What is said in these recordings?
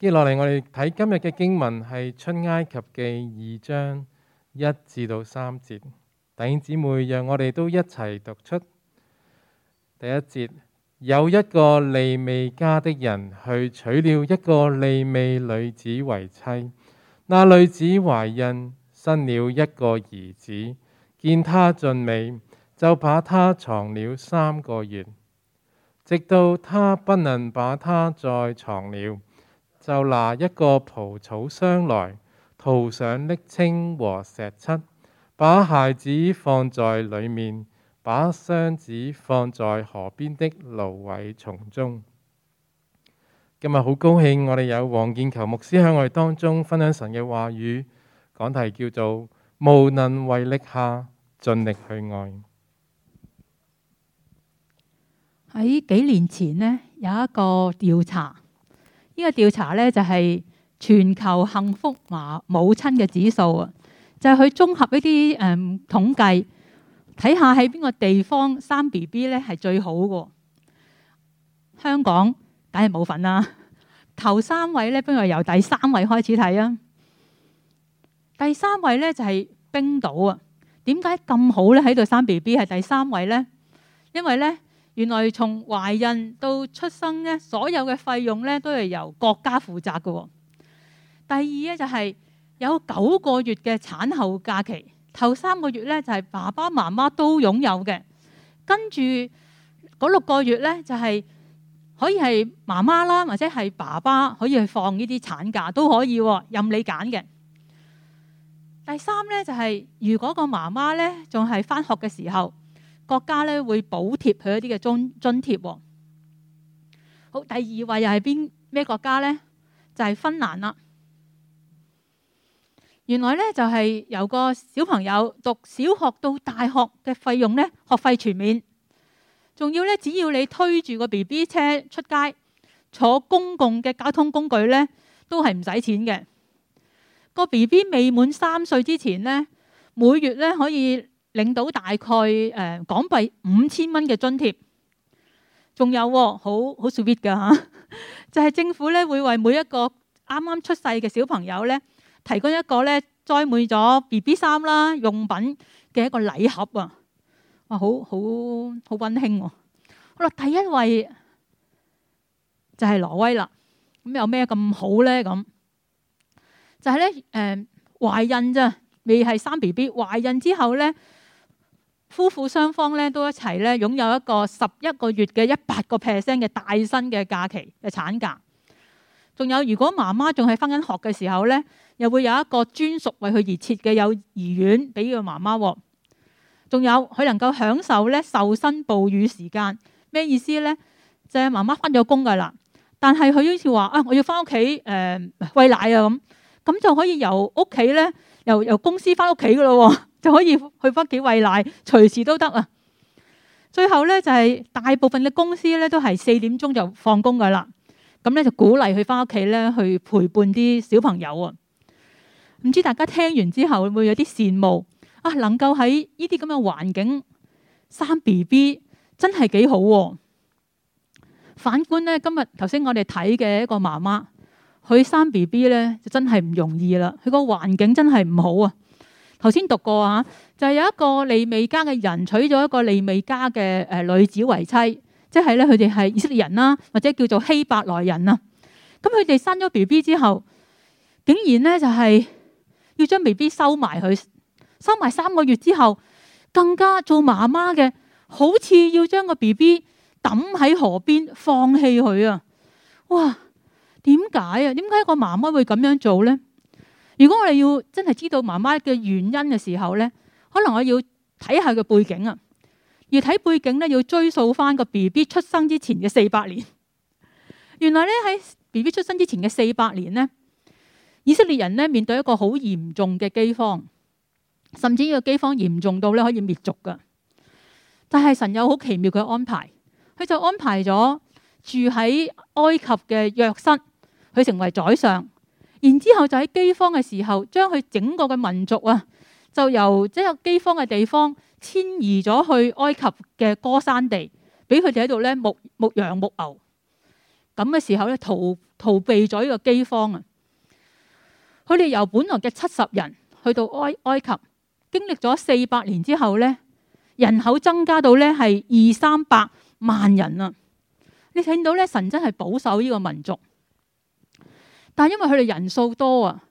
接落嚟，我哋睇今日嘅經文係《出埃及記》二章一至到三節。弟兄姊妹，讓我哋都一齊讀出第一節：有一個利未家的人去娶了一個利未女子為妻，那女子懷孕，生了一個兒子，見他俊美，就把他藏了三個月，直到他不能把他再藏了。就拿一個蒲草箱來塗上瀝青和石漆，把孩子放在裏面，把箱子放在河邊的蘆葦叢中。今日好高興，我哋有黃建球牧師喺我哋當中分享神嘅話語，講題叫做《無能為力下盡力去愛》。喺幾年前呢，有一個調查。呢個調查咧就係全球幸福華母親嘅指數啊，就係佢綜合呢啲誒統計，睇下喺邊個地方生 B B 咧係最好嘅。香港梗係冇份啦。頭三位咧，不如由第三位開始睇啊。第三位咧就係冰島啊。點解咁好咧？喺度生 B B 係第三位咧？因為咧。原來從懷孕到出生咧，所有嘅費用咧都係由國家負責㗎。第二咧就係有九個月嘅產後假期，頭三個月咧就係爸爸媽媽都擁有嘅。跟住嗰六個月咧就係可以係媽媽啦，或者係爸爸可以去放呢啲產假都可以，任你揀嘅。第三咧就係如果個媽媽咧仲係返學嘅時候。國家咧會補貼佢一啲嘅津津貼。好，第二位又係邊咩國家呢？就係、是、芬蘭啦。原來呢，就係、是、由個小朋友讀小學到大學嘅費用呢，學費全免。仲要呢，只要你推住個 B B 車出街，坐公共嘅交通工具呢，都係唔使錢嘅。個 B B 未滿三歲之前呢，每月呢可以。領到大概誒港幣五千蚊嘅津貼，仲有喎，好好 sweet 噶嚇，就係政府咧會為每一個啱啱出世嘅小朋友咧，提供一個咧裝滿咗 B B 衫啦用品嘅一個禮盒啊，哇，好好好溫馨喎！好啦，第一位就係挪威啦，咁有咩咁好咧？咁就係咧誒懷孕咋，未係生 B B，懷孕之後咧。夫婦雙方咧都一齊咧擁有一個十一個月嘅一百個 percent 嘅帶薪嘅假期嘅產假，仲有如果媽媽仲係翻緊學嘅時候咧，又會有一個專屬為佢而設嘅幼兒園俾佢媽媽喎，仲有佢能夠享受咧受薪哺乳時間，咩意思咧？就係媽媽翻咗工㗎啦，但係佢好似話啊，我要翻屋企誒餵奶啊咁，咁就可以由屋企咧。由由公司翻屋企嘅咯，就可以去翻屋企餵奶，隨時都得啊！最後咧就係大部分嘅公司咧都係四點鐘就放工噶啦，咁咧就鼓勵佢翻屋企咧去陪伴啲小朋友啊！唔知大家聽完之後會唔會有啲羨慕啊？能夠喺呢啲咁嘅環境生 B B 真係幾好喎！反觀咧，今日頭先我哋睇嘅一個媽媽。佢生 B B 咧就真係唔容易啦，佢個環境真係唔好啊！頭先讀過啊，就係有一個利未家嘅人娶咗一個利未家嘅誒女子為妻，即係咧佢哋係以色列人啦，或者叫做希伯來人啊。咁佢哋生咗 B B 之後，竟然咧就係要將 B B 收埋佢，收埋三個月之後，更加做媽媽嘅，好似要將個 B B 抌喺河邊放棄佢啊！哇！點解啊？點解一個媽媽會咁樣做呢？如果我哋要真係知道媽媽嘅原因嘅時候呢，可能我要睇下佢背景啊。而睇背景咧，要追溯翻個 B B 出生之前嘅四百年。原來呢，喺 B B 出生之前嘅四百年呢，以色列人呢面對一個好嚴重嘅饑荒，甚至呢個饑荒嚴重到咧可以滅族噶。但係神有好奇妙嘅安排，佢就安排咗住喺埃及嘅約瑟。佢成為宰相，然之後就喺饑荒嘅時候，將佢整個嘅民族啊，就由即係饑荒嘅地方遷移咗去埃及嘅歌珊地，俾佢哋喺度咧牧牧羊牧牛。咁嘅時候咧，逃逃避咗呢個饑荒啊！佢哋由本來嘅七十人去到埃埃及，經歷咗四百年之後咧，人口增加到咧係二三百萬人啊！你睇到咧，神真係保守呢個民族。但係，因為佢哋人數多啊，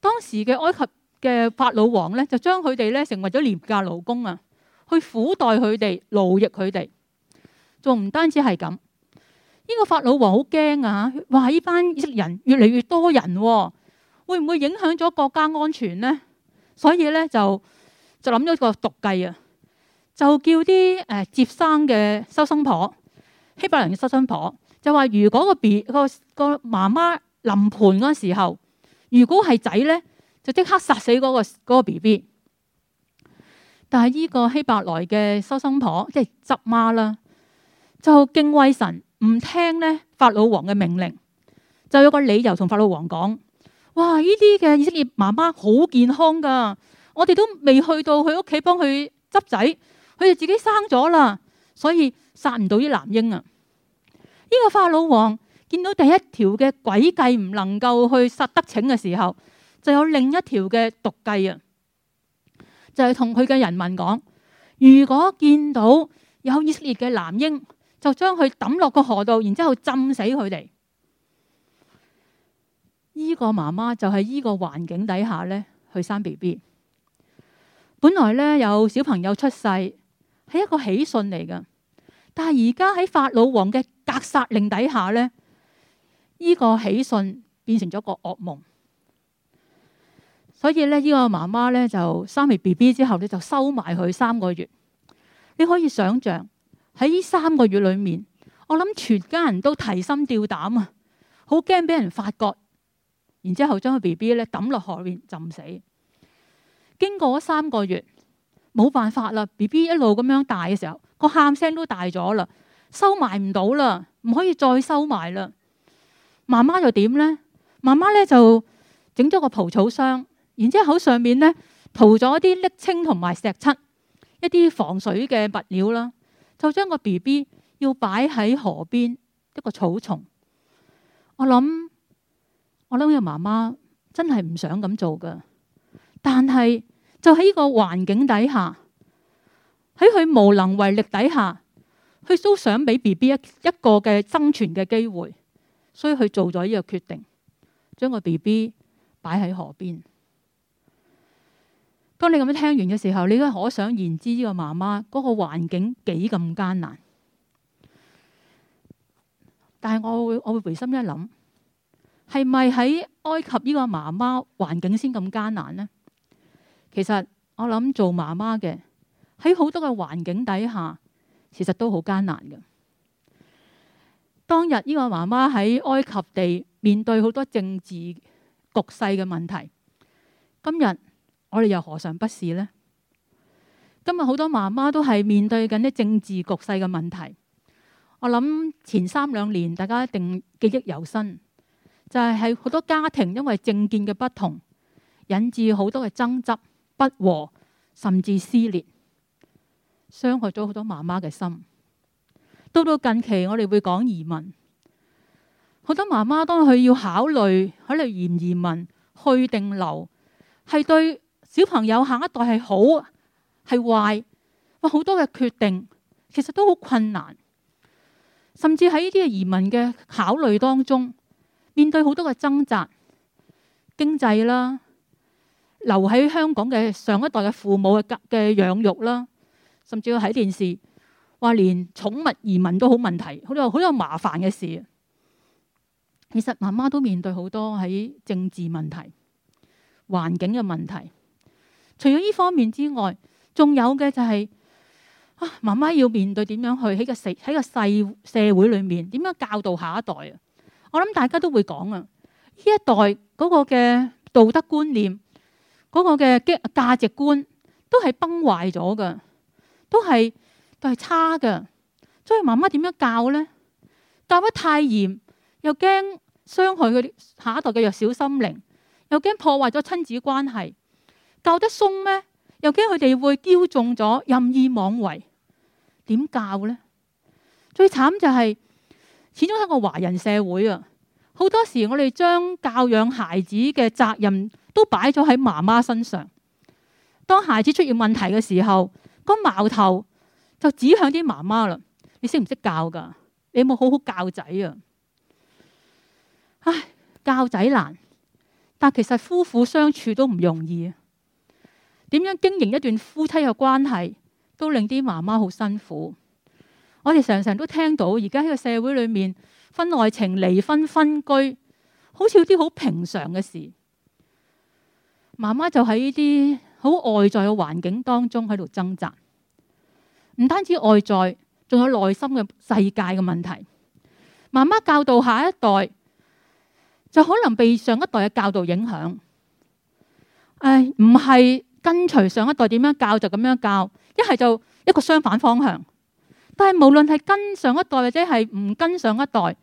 當時嘅埃及嘅法老王咧，就將佢哋咧成為咗廉價勞工啊，去苦待佢哋，勞役佢哋。仲唔單止係咁，呢、這個法老王好驚啊！哇！呢班人越嚟越多人，會唔會影響咗國家安全咧？所以咧就就諗咗個毒計啊，就叫啲誒接生嘅收生婆、希伯來嘅收生婆，就話如果個 B 個個媽媽。臨盆嗰陣時候，如果係仔咧，就即刻殺死嗰個 B B。但係呢個希伯來嘅收生婆即係執媽啦，就敬畏神，唔聽咧法老王嘅命令，就有一個理由同法老王講：「哇！呢啲嘅以色列媽媽好健康㗎，我哋都未去到佢屋企幫佢執仔，佢哋自己生咗啦，所以殺唔到啲男嬰啊！呢個法老王，見到第一條嘅鬼計唔能夠去殺得逞嘅時候，就有另一條嘅毒計啊！就係同佢嘅人民講：如果見到有以色列嘅男嬰，就將佢抌落個河道，然之後浸死佢哋。呢個媽媽就係呢個環境底下咧去生 B B，本來咧有小朋友出世係一個喜訊嚟㗎，但係而家喺法老王嘅格殺令底下咧。呢個喜訊變成咗個噩夢，所以咧，呢個媽媽咧就生完 B B 之後咧就收埋佢三個月。你可以想象喺呢三個月裏面，我諗全家人都提心吊膽啊，好驚俾人發覺，然之後將個 B B 咧抌落河面浸死。經過咗三個月，冇辦法啦。B B 一路咁樣大嘅時候，個喊聲都大咗啦，收埋唔到啦，唔可以再收埋啦。媽媽又點呢？媽媽咧就整咗個蒲草箱，然之後口上面咧塗咗啲瀝青同埋石漆，一啲防水嘅物料啦，就將個 B B 要擺喺河邊一個草叢。我諗，我諗個媽媽真係唔想咁做噶，但係就喺呢個環境底下，喺佢無能為力底下，佢都想俾 B B 一一個嘅生存嘅機會。所以佢做咗呢個決定，將個 BB 擺喺河邊。當你咁樣聽完嘅時候，你都可想而知呢個媽媽嗰個環境幾咁艱難。但係我會我會回心一諗，係咪喺埃及呢個媽媽環境先咁艱難呢？其實我諗做媽媽嘅喺好多嘅環境底下，其實都好艱難嘅。當日呢個媽媽喺埃及地面對好多政治局勢嘅問題，今日我哋又何嘗不是呢？今日好多媽媽都係面對緊啲政治局勢嘅問題。我諗前三兩年大家一定記憶猶新，就係喺好多家庭因為政見嘅不同，引致好多嘅爭執、不和，甚至撕裂，傷害咗好多媽媽嘅心。到到近期，我哋會講移民，好多媽媽當佢要考慮，考慮移唔移民，去定留，係對小朋友下一代係好係壞，哇！好多嘅決定其實都好困難，甚至喺呢啲嘅移民嘅考慮當中，面對好多嘅掙扎，經濟啦，留喺香港嘅上一代嘅父母嘅嘅養育啦，甚至要睇電視。話連寵物移民都好問題，好多好多麻煩嘅事。其實媽媽都面對好多喺政治問題、環境嘅問題。除咗呢方面之外，仲有嘅就係、係、啊，媽媽要面對點樣去喺個社喺個細社會裏面點樣教導下一代啊？我諗大家都會講啊，呢一代嗰個嘅道德觀念、嗰、嗰個嘅價值觀都係崩壞咗嘅，都係。都係差㗎，所以媽媽點樣教呢？教得太嚴又驚傷害佢下一代嘅弱小心靈，又驚破壞咗親子關係。教得鬆咩？又驚佢哋會驕縱咗，任意妄為。點教呢？最慘就係始終係個華人社會啊！好多時我哋將教養孩子嘅責任都擺咗喺媽媽身上。當孩子出現問題嘅時候，個矛頭。就指向啲媽媽啦，你識唔識教噶？你有冇好好教仔啊？唉，教仔難，但其實夫婦相處都唔容易啊，點樣經營一段夫妻嘅關係，都令啲媽媽好辛苦。我哋常常都聽到，而家喺個社會裏面，婚外情、離婚、分居，好似啲好平常嘅事。媽媽就喺呢啲好外在嘅環境當中喺度掙扎。唔單止外在，仲有內心嘅世界嘅問題。媽媽教導下一代，就可能被上一代嘅教導影響。誒，唔係跟隨上一代點樣教就咁樣教，一係就一個相反方向。但係無論係跟上一代或者係唔跟上一代，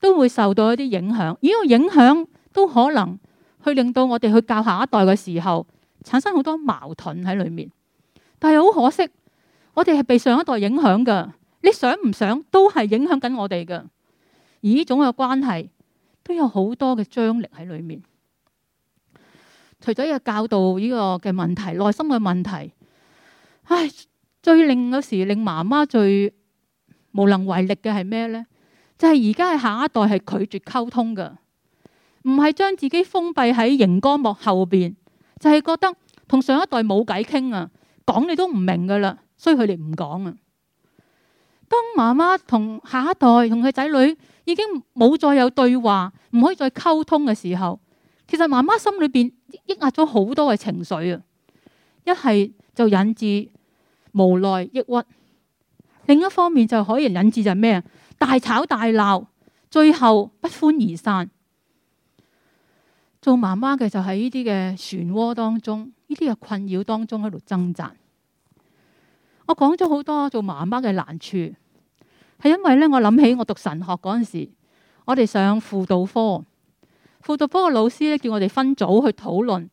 都會受到一啲影響。如果影響都可能去令到我哋去教下一代嘅時候產生好多矛盾喺裡面，但係又好可惜。我哋係被上一代影響嘅，你想唔想都係影響緊我哋嘅。而呢種嘅關係都有好多嘅張力喺裏面。除咗嘅教導呢個嘅問題，內心嘅問題，唉，最令嗰時令媽媽最無能為力嘅係咩呢？就係而家嘅下一代係拒絕溝通嘅，唔係將自己封閉喺熒光幕後邊，就係、是、覺得同上一代冇偈傾啊，講你都唔明噶啦。所以佢哋唔講啊。當媽媽同下一代同佢仔女已經冇再有對話，唔可以再溝通嘅時候，其實媽媽心裏邊抑壓咗好多嘅情緒啊。一係就引致無奈、抑鬱；另一方面就可以引致就係咩啊，大吵大鬧，最後不歡而散。做媽媽嘅就喺呢啲嘅漩渦當中，呢啲嘅困擾當中喺度掙扎。我講咗好多做媽媽嘅難處，係因為咧，我諗起我讀神學嗰陣時，我哋上輔導科，輔導科嘅老師咧叫我哋分組去討論，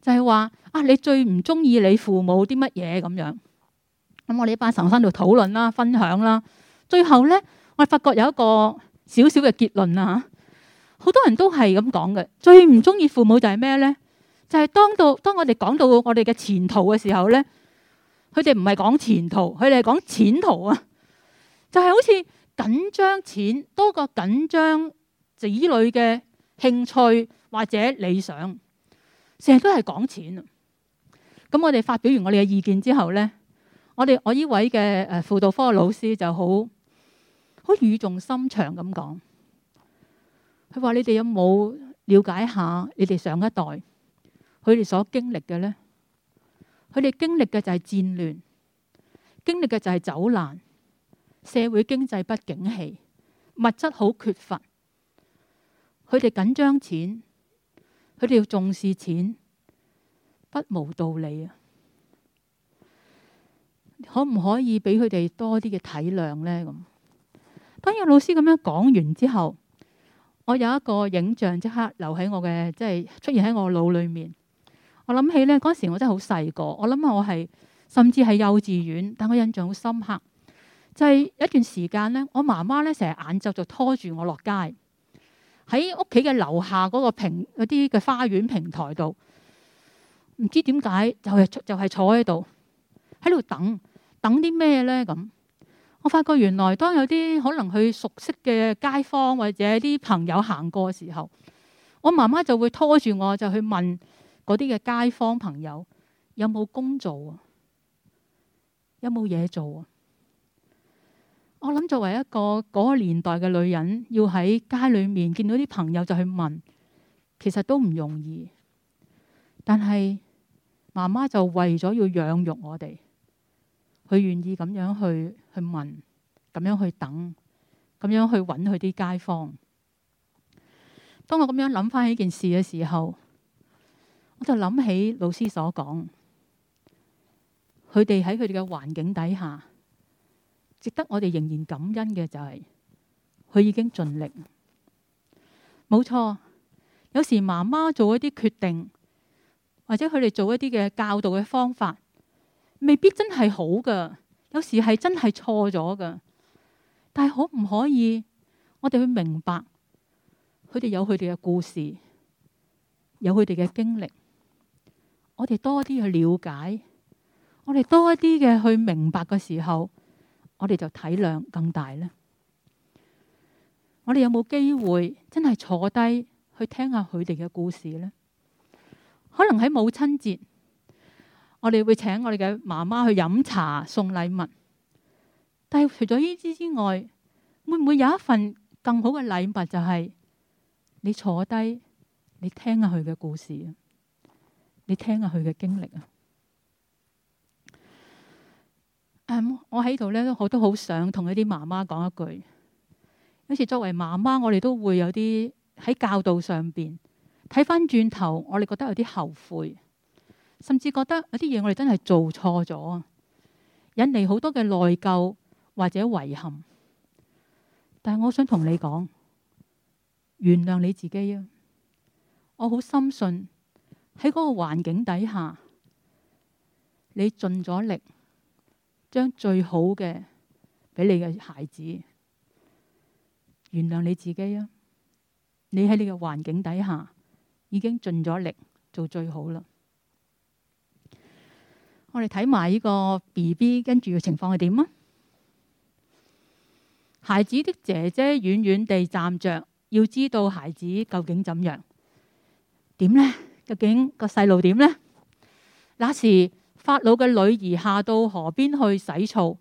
就係話啊，你最唔中意你父母啲乜嘢咁樣。咁我哋班神生度討論啦，分享啦，最後咧，我哋發覺有一個少少嘅結論啦吓，好多人都係咁講嘅，最唔中意父母就係咩咧？就係當到當我哋講到我哋嘅前途嘅時候咧。佢哋唔係講前途，佢哋係講錢途啊！就係好似緊張錢多過緊張子女嘅興趣或者理想，成日都係講錢。咁我哋發表完我哋嘅意見之後呢，我哋我呢位嘅誒輔導科老師就好好語重心長咁講，佢話：你哋有冇了解下你哋上一代佢哋所經歷嘅呢？」佢哋經歷嘅就係戰亂，經歷嘅就係走難，社會經濟不景氣，物質好缺乏，佢哋緊張錢，佢哋要重視錢，不無道理啊！可唔可以俾佢哋多啲嘅體諒呢？咁，當我老師咁樣講完之後，我有一個影像即刻留喺我嘅，即係出現喺我腦裡面。我諗起咧，嗰時我真係好細個。我諗下我係甚至係幼稚園，但我印象好深刻，就係一段時間咧。我媽媽咧成日晏晝就拖住我落街，喺屋企嘅樓下嗰個平嗰啲嘅花園平台度，唔知點解就係就係坐喺度喺度等等啲咩咧咁。我發覺原來當有啲可能去熟悉嘅街坊或者啲朋友行過嘅時候，我媽媽就會拖住我就去問。嗰啲嘅街坊朋友有冇工做啊？有冇嘢做啊？我諗作為一個嗰個年代嘅女人，要喺街裏面見到啲朋友就去問，其實都唔容易。但係媽媽就為咗要養育我哋，佢願意咁樣去去問，咁樣去等，咁樣去揾佢啲街坊。當我咁樣諗翻起呢件事嘅時候。我就諗起老師所講，佢哋喺佢哋嘅環境底下，值得我哋仍然感恩嘅就係佢已經盡力。冇錯，有時媽媽做一啲決定，或者佢哋做一啲嘅教導嘅方法，未必真係好㗎，有時係真係錯咗㗎。但係可唔可以，我哋去明白佢哋有佢哋嘅故事，有佢哋嘅經歷。我哋多啲去了解，我哋多一啲嘅去明白嘅時候，我哋就體諒更大咧。我哋有冇機會真係坐低去聽下佢哋嘅故事咧？可能喺母親節，我哋會請我哋嘅媽媽去飲茶送禮物，但係除咗呢啲之外，會唔會有一份更好嘅禮物，就是？就係你坐低，你聽下佢嘅故事！你聽下佢嘅經歷啊！我喺度呢，我都好想同一啲媽媽講一句。有時作為媽媽，我哋都會有啲喺教導上邊睇翻轉頭，我哋覺得有啲後悔，甚至覺得有啲嘢我哋真係做錯咗啊，引嚟好多嘅內疚或者遺憾。但係我想同你講，原諒你自己啊！我好深信。喺嗰個環境底下，你盡咗力，將最好嘅，俾你嘅孩子，原諒你自己啊！你喺你嘅環境底下已經盡咗力，做最好啦。我哋睇埋呢個 BB，跟住嘅情況係點啊？孩子的姐姐遠遠地站着，要知道孩子究竟怎樣？點呢？究竟個細路點呢？那時法老嘅女兒下到河邊去洗澡，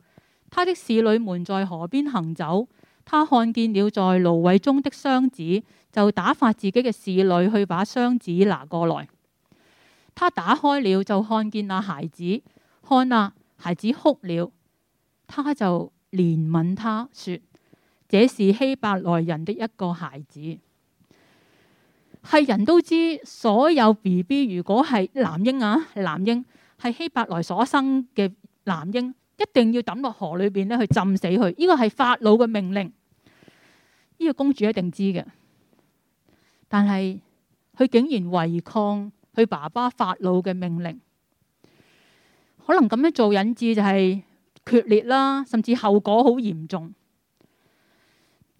他的侍女們在河邊行走，他看見了在蘆葦中的箱子，就打發自己嘅侍女去把箱子拿過來。他打開了，就看見那孩子，看哪，孩子哭了，他就憐憫他說：這是希伯來人的一個孩子。係人都知，所有 BB 如果係男嬰啊，男嬰係希伯來所生嘅男嬰，一定要抌落河裏邊咧去浸死佢。呢個係法老嘅命令，呢個公主一定知嘅。但係佢竟然違抗佢爸爸法老嘅命令，可能咁樣做引致就係決裂啦，甚至後果好嚴重。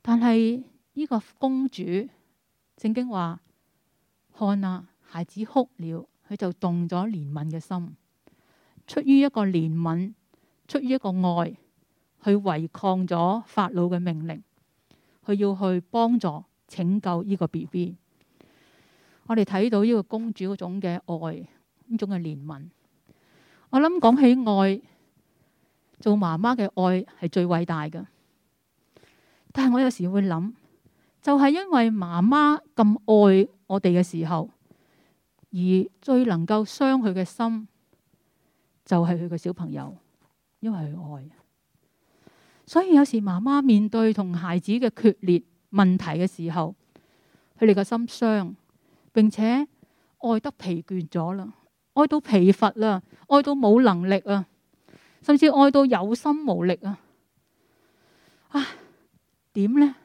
但係呢個公主正經話。看啊，孩子哭了，佢就動咗憐憫嘅心。出於一個憐憫，出於一個愛，去違抗咗法老嘅命令，佢要去幫助拯救呢個 BB。我哋睇到呢個公主嗰種嘅愛，呢種嘅憐憫。我諗講起愛，做媽媽嘅愛係最偉大嘅。但係我有時會諗，就係、是、因為媽媽咁愛。我哋嘅時候，而最能夠傷佢嘅心，就係佢個小朋友，因為佢愛。所以有時媽媽面對同孩子嘅決裂問題嘅時候，佢哋嘅心傷，並且愛得疲倦咗啦，愛到疲乏啦，愛到冇能力啊，甚至愛到有心無力啊！啊，點呢？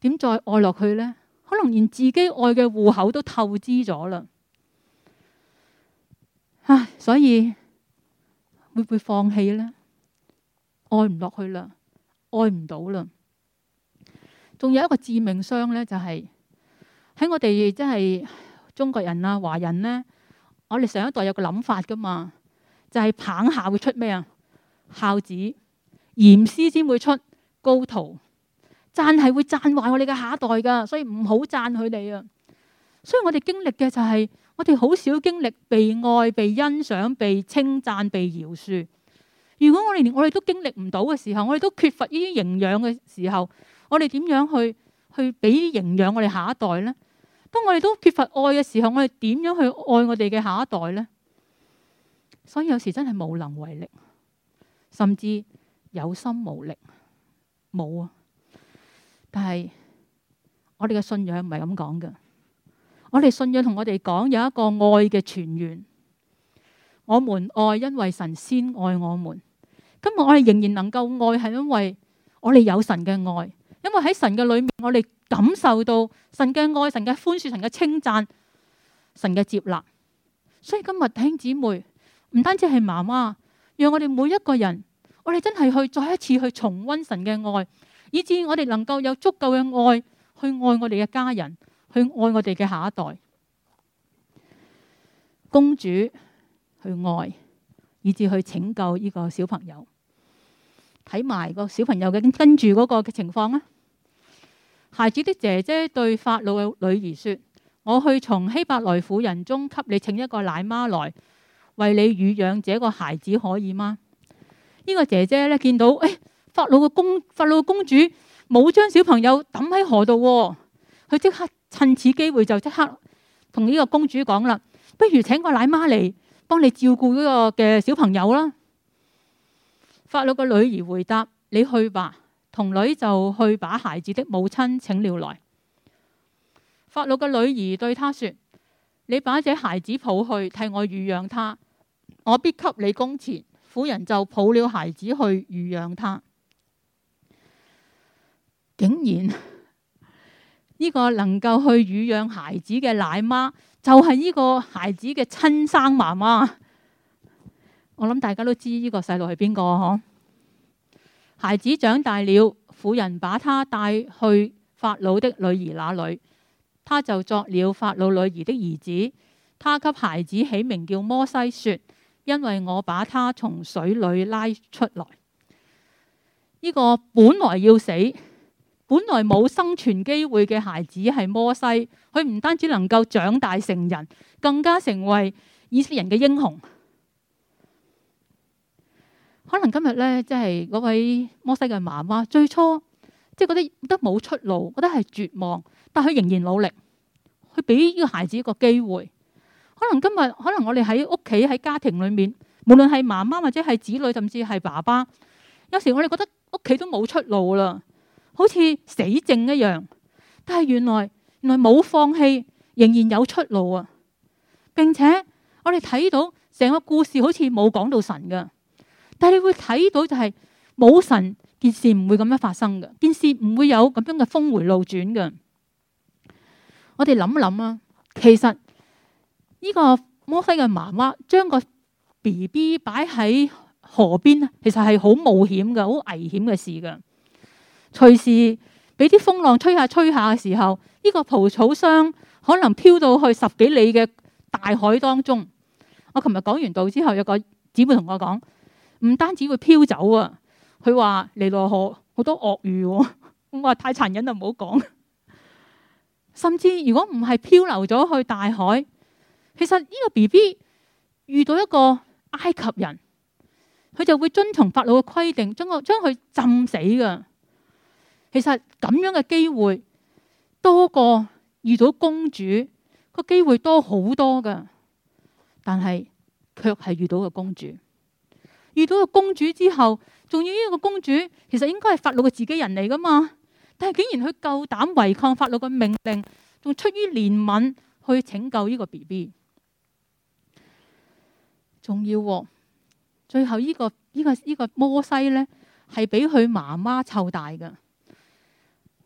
點再愛落去呢？可能連自己愛嘅戶口都透支咗嘞，唉，所以會唔會放棄呢？愛唔落去啦，愛唔到啦。仲有一個致命傷呢，就係喺我哋即係中國人啊、華人呢，我哋上一代有個諗法㗎嘛，就係棒下會出咩啊？孝子嚴師先會出高徒。讚係會讚壞我哋嘅下一代噶，所以唔好讚佢哋啊。所以我哋經歷嘅就係，我哋好少經歷被愛、被欣賞、被稱讚、被饒恕。如果我哋連我哋都經歷唔到嘅時候，我哋都缺乏呢啲營養嘅時候，我哋點樣去去俾營養我哋下一代呢？當我哋都缺乏愛嘅時候，我哋點樣去愛我哋嘅下一代呢？所以有時真係無能為力，甚至有心無力，冇啊！但係我哋嘅信仰唔係咁講嘅，我哋信仰同我哋講有一個愛嘅泉源。我們愛因為神先愛我們，今日我哋仍然能夠愛係因為我哋有神嘅愛，因為喺神嘅裏面我哋感受到神嘅愛、神嘅寬恕、神嘅稱讚、神嘅接納。所以今日弟兄姊妹，唔單止係媽媽，讓我哋每一個人，我哋真係去再一次去重溫神嘅愛。以至我哋能夠有足夠嘅愛去愛我哋嘅家人，去愛我哋嘅下一代公主去愛，以至去拯救呢個小朋友。睇埋個小朋友嘅跟住嗰個嘅情況啦。孩子的姐姐對法老嘅女兒說：我去從希伯來婦人中給你請一個奶媽來，為你乳養這個孩子，可以嗎？呢個姐姐呢，見到、哎法老個公法老公主冇將小朋友抌喺河度，佢即刻趁此機會就即刻同呢個公主講啦：不如請個奶媽嚟幫你照顧呢個嘅小朋友啦。法老個女兒回答：你去吧。童女就去把孩子的母親請了來。法老嘅女兒對他説：你把這孩子抱去替我乳養他，我必給你工錢。婦人就抱了孩子去乳養他。竟然呢、這個能夠去乳養孩子嘅奶媽，就係、是、呢個孩子嘅親生媽媽。我諗大家都知呢個細路係邊個？嗬，孩子長大了，婦人把他帶去法老的女兒那裏，他就作了法老女兒的兒子。他給孩子起名叫摩西，說：因為我把他從水裏拉出來。呢、這個本來要死。本來冇生存機會嘅孩子係摩西，佢唔單止能夠長大成人，更加成為以色列人嘅英雄。可能今日咧，即係嗰位摩西嘅媽媽，最初即係覺得都冇出路，覺得係絕望，但佢仍然努力，佢俾呢個孩子一個機會。可能今日，可能我哋喺屋企喺家庭裏面，無論係媽媽或者係子女，甚至係爸爸，有時我哋覺得屋企都冇出路啦。好似死症一樣，但係原來原來冇放棄，仍然有出路啊！並且我哋睇到成個故事好似冇講到神噶，但係你會睇到就係，冇神件事唔會咁樣發生嘅，件事唔會有咁樣嘅峰迴路轉嘅。我哋諗一諗啊，其實呢個摩西嘅媽媽將個 B B 擺喺河邊，其實係好冒險嘅，好危險嘅事嘅。隨時俾啲風浪吹下吹下嘅時候，呢、這個蒲草箱可能漂到去十幾里嘅大海當中。我琴日講完道之後，有個姊妹同我講，唔單止會漂走啊。佢話尼羅河好多鱷魚，啊，我話太殘忍就唔好講。甚至如果唔係漂流咗去大海，其實呢個 B B 遇到一個埃及人，佢就會遵從法老嘅規定，將我將佢浸死噶。其實咁樣嘅機會多過遇到公主個機會多好多噶，但係卻係遇到個公主。遇到個公主之後，仲要呢個公主其實應該係法老嘅自己人嚟噶嘛，但係竟然佢夠膽違抗法老嘅命令，仲出於憐憫去拯救呢個 BB。仲要、啊，最後呢個、呢個、呢個摩西呢，係俾佢媽媽湊大噶。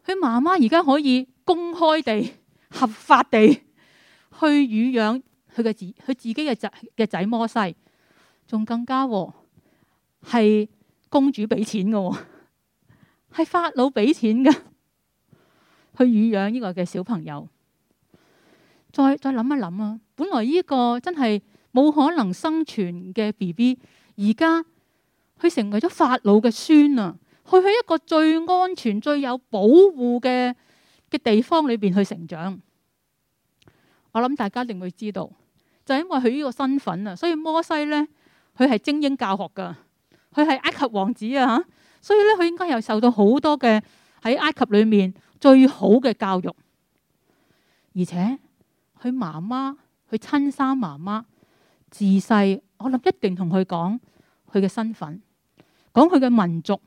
佢媽媽而家可以公開地、合法地去乳養佢嘅子、佢自己嘅仔嘅仔摩西，仲更加喎，係公主俾錢嘅，係法老俾錢嘅，去乳養呢個嘅小朋友。再再諗一諗啊，本來呢個真係冇可能生存嘅 BB，而家佢成為咗法老嘅孫啊！去喺一個最安全、最有保護嘅嘅地方裏邊去成長。我諗大家一定會知道，就係因為佢呢個身份啊，所以摩西呢，佢係精英教學噶，佢係埃及王子啊吓，所以咧佢應該又受到好多嘅喺埃及裏面最好嘅教育，而且佢媽媽、佢親生媽媽自細，我諗一定同佢講佢嘅身份，講佢嘅民族。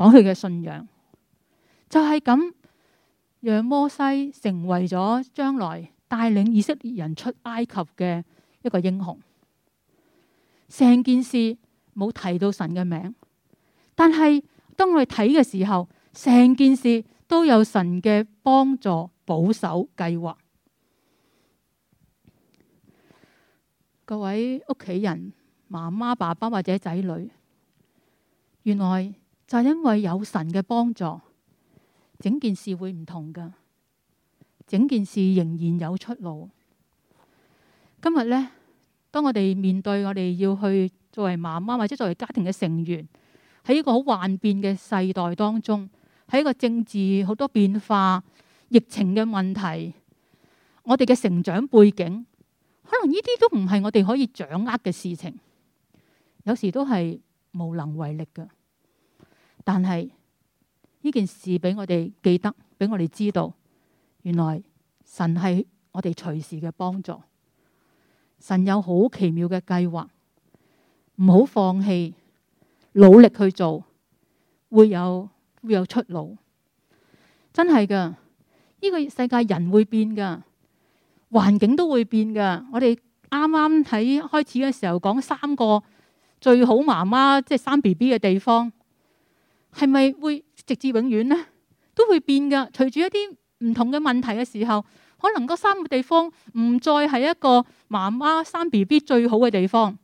講佢嘅信仰，就係咁，讓摩西成為咗將來帶領以色列人出埃及嘅一個英雄。成件事冇提到神嘅名，但係當我哋睇嘅時候，成件事都有神嘅幫助、保守、計劃。各位屋企人，媽媽、爸爸或者仔女，原來。就係因為有神嘅幫助，整件事會唔同噶，整件事仍然有出路。今日呢，當我哋面對我哋要去作為媽媽或者作為家庭嘅成員，喺一個好幻變嘅世代當中，喺一個政治好多變化、疫情嘅問題，我哋嘅成長背景，可能呢啲都唔係我哋可以掌握嘅事情，有時都係無能為力噶。但係呢件事俾我哋記得，俾我哋知道，原來神係我哋隨時嘅幫助。神有好奇妙嘅計劃，唔好放棄，努力去做，會有會有出路。真係噶，呢個世界人會變噶，環境都會變噶。我哋啱啱喺開始嘅時候講三個最好媽媽，即係生 BB 嘅地方。係咪會直至永遠呢？都會變噶。隨住一啲唔同嘅問題嘅時候，可能嗰三個地方唔再係一個媽媽生 BB 最好嘅地方。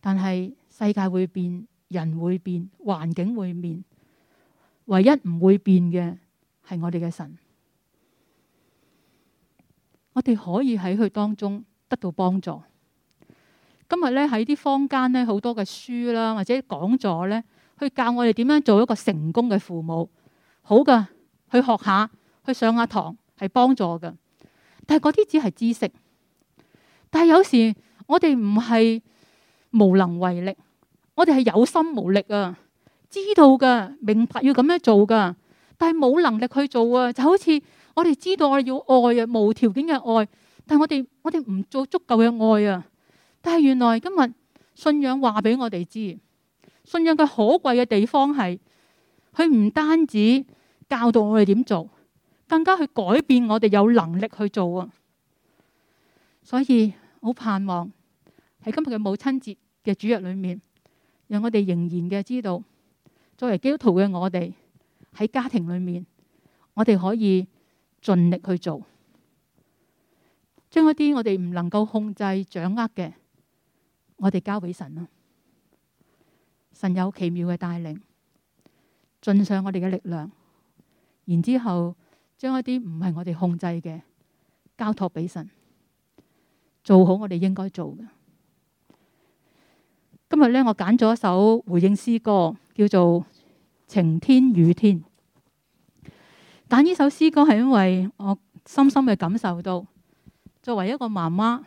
但係世界會變，人會變，環境會變。唯一唔會變嘅係我哋嘅神。我哋可以喺佢當中得到幫助。今日呢，喺啲坊間呢，好多嘅書啦，或者講座呢。去教我哋點樣做一個成功嘅父母，好噶，去學下去上下堂係幫助噶但係嗰啲只係知識。但係有時我哋唔係無能為力，我哋係有心無力啊！知道噶、明白要咁樣做噶，但係冇能力去做啊！就好似我哋知道我要愛啊，無條件嘅愛，但係我哋我哋唔做足夠嘅愛啊！但係原來今日信仰話俾我哋知。信仰，佢可貴嘅地方係，佢唔單止教導我哋點做，更加去改變我哋有能力去做啊！所以好盼望喺今日嘅母親節嘅主日裏面，讓我哋仍然嘅知道，作為基督徒嘅我哋喺家庭裏面，我哋可以盡力去做，將一啲我哋唔能夠控制掌握嘅，我哋交俾神囉。神有奇妙嘅帶領，盡上我哋嘅力量，然之後將一啲唔係我哋控制嘅交託俾神，做好我哋應該做嘅。今日呢，我揀咗一首回應詩歌，叫做《晴天雨天》。揀呢首詩歌係因為我深深嘅感受到，作為一個媽媽，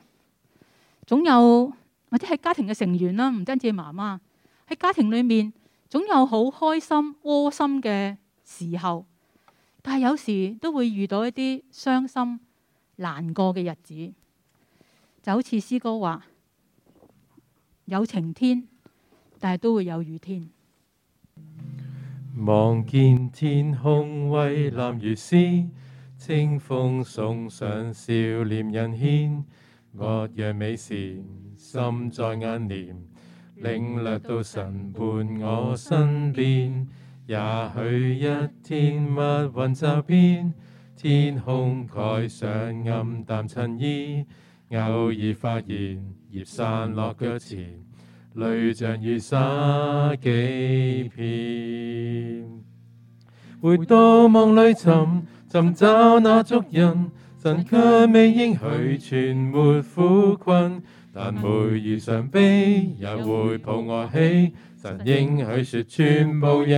總有或者係家庭嘅成員啦，唔單止係媽媽。喺家庭裏面，總有好開心、窩心嘅時候，但係有時都會遇到一啲傷心難過嘅日子，就好似詩歌話：有晴天，但係都會有雨天。望見天空蔚藍如絲，清風送上少年人牽，各樣美善心在眼簾。領略到神伴我身邊，也許一天密雲驟變，天空蓋上暗淡襯衣，偶爾發現葉散落腳前，淚像雨灑幾片。回到夢裏尋，尋找那足印，神卻未應許全沒苦困。但會遇上悲，也會抱我起。神應許說，全部也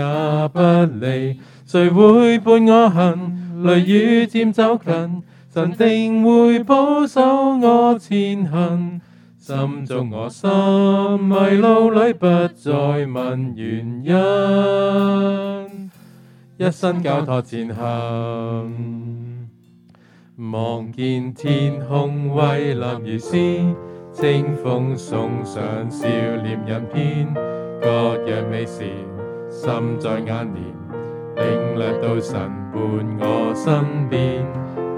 不離。誰會伴我行？雷雨漸走近，神定會保守我前行。心中我心迷路裏，不再問原因。一生交託前行，望見天空蔚藍如詩。清風送上笑臉人片，各樣美事心在眼簾，領略到神伴我身邊。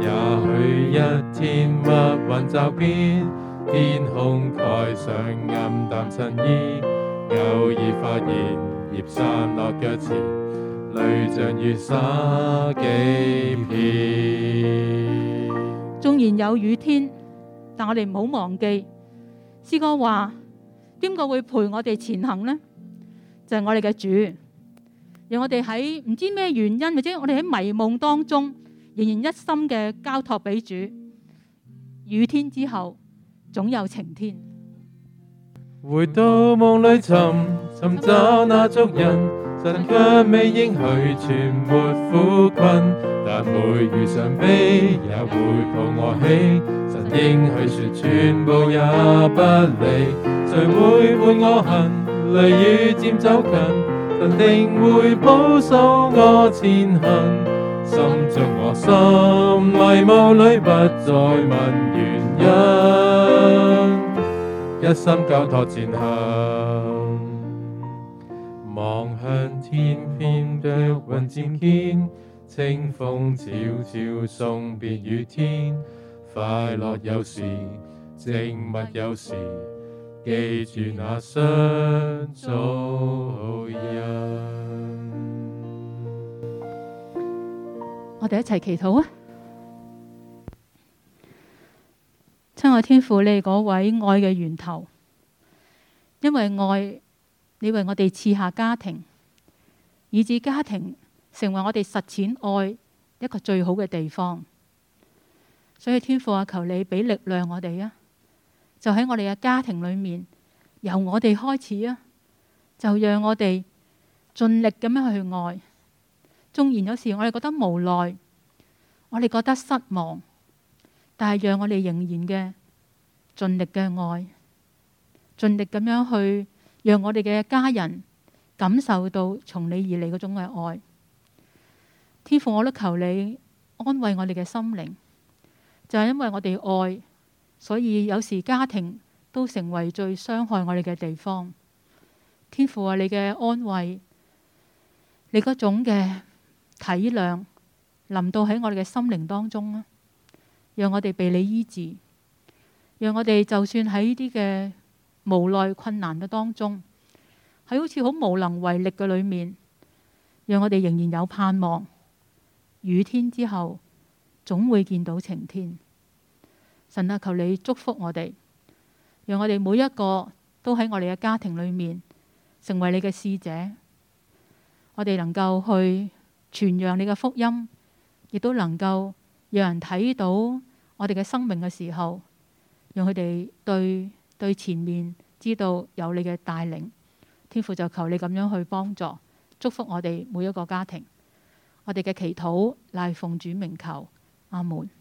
也許一天烏雲驟變，天空蓋上暗淡襯衣，偶爾發現葉散落腳前，淚像雨灑幾片。縱然有雨天，但我哋唔好忘記。詩歌話邊個會陪我哋前行呢？就係、是、我哋嘅主，讓我哋喺唔知咩原因，或者我哋喺迷夢當中，仍然一心嘅交託俾主。雨天之後總有晴天。回到夢裏尋尋找那足印，神卻未應許全沒苦困，但每遇傷悲也會抱我起。應許說，全部也不理，誰會伴我行？雷雨漸走近，神定會保守我前行。心中我心迷霧裏，不再問原因，一心交託前行。望向天邊的雲漸變，清風悄悄送別雨天。快樂有時，靜默有時，記住那雙足印。我哋一齊祈禱啊！親愛天父，你嗰位愛嘅源頭，因為愛，你為我哋賜下家庭，以至家庭成為我哋實踐愛一個最好嘅地方。所以天父啊，我求你俾力量我哋啊，就喺我哋嘅家庭裏面，由我哋開始啊，就讓我哋盡力咁樣去愛。縱然有時我哋覺得無奈，我哋覺得失望，但係讓我哋仍然嘅盡力嘅愛，盡力咁樣去讓我哋嘅家人感受到從你而嚟嗰種嘅愛。天父，我都求你安慰我哋嘅心靈。就係因為我哋愛，所以有時家庭都成為最傷害我哋嘅地方。天父啊，你嘅安慰，你嗰種嘅體諒，淋到喺我哋嘅心靈當中啊，讓我哋被你醫治，讓我哋就算喺呢啲嘅無奈困難嘅當中，喺好似好無能為力嘅裏面，讓我哋仍然有盼望。雨天之後。總會見到晴天。神啊，求你祝福我哋，讓我哋每一個都喺我哋嘅家庭裏面成為你嘅使者。我哋能夠去傳揚你嘅福音，亦都能夠讓人睇到我哋嘅生命嘅時候，讓佢哋對對前面知道有你嘅帶領。天父就求你咁樣去幫助，祝福我哋每一個家庭。我哋嘅祈禱乃奉主名求。阿門。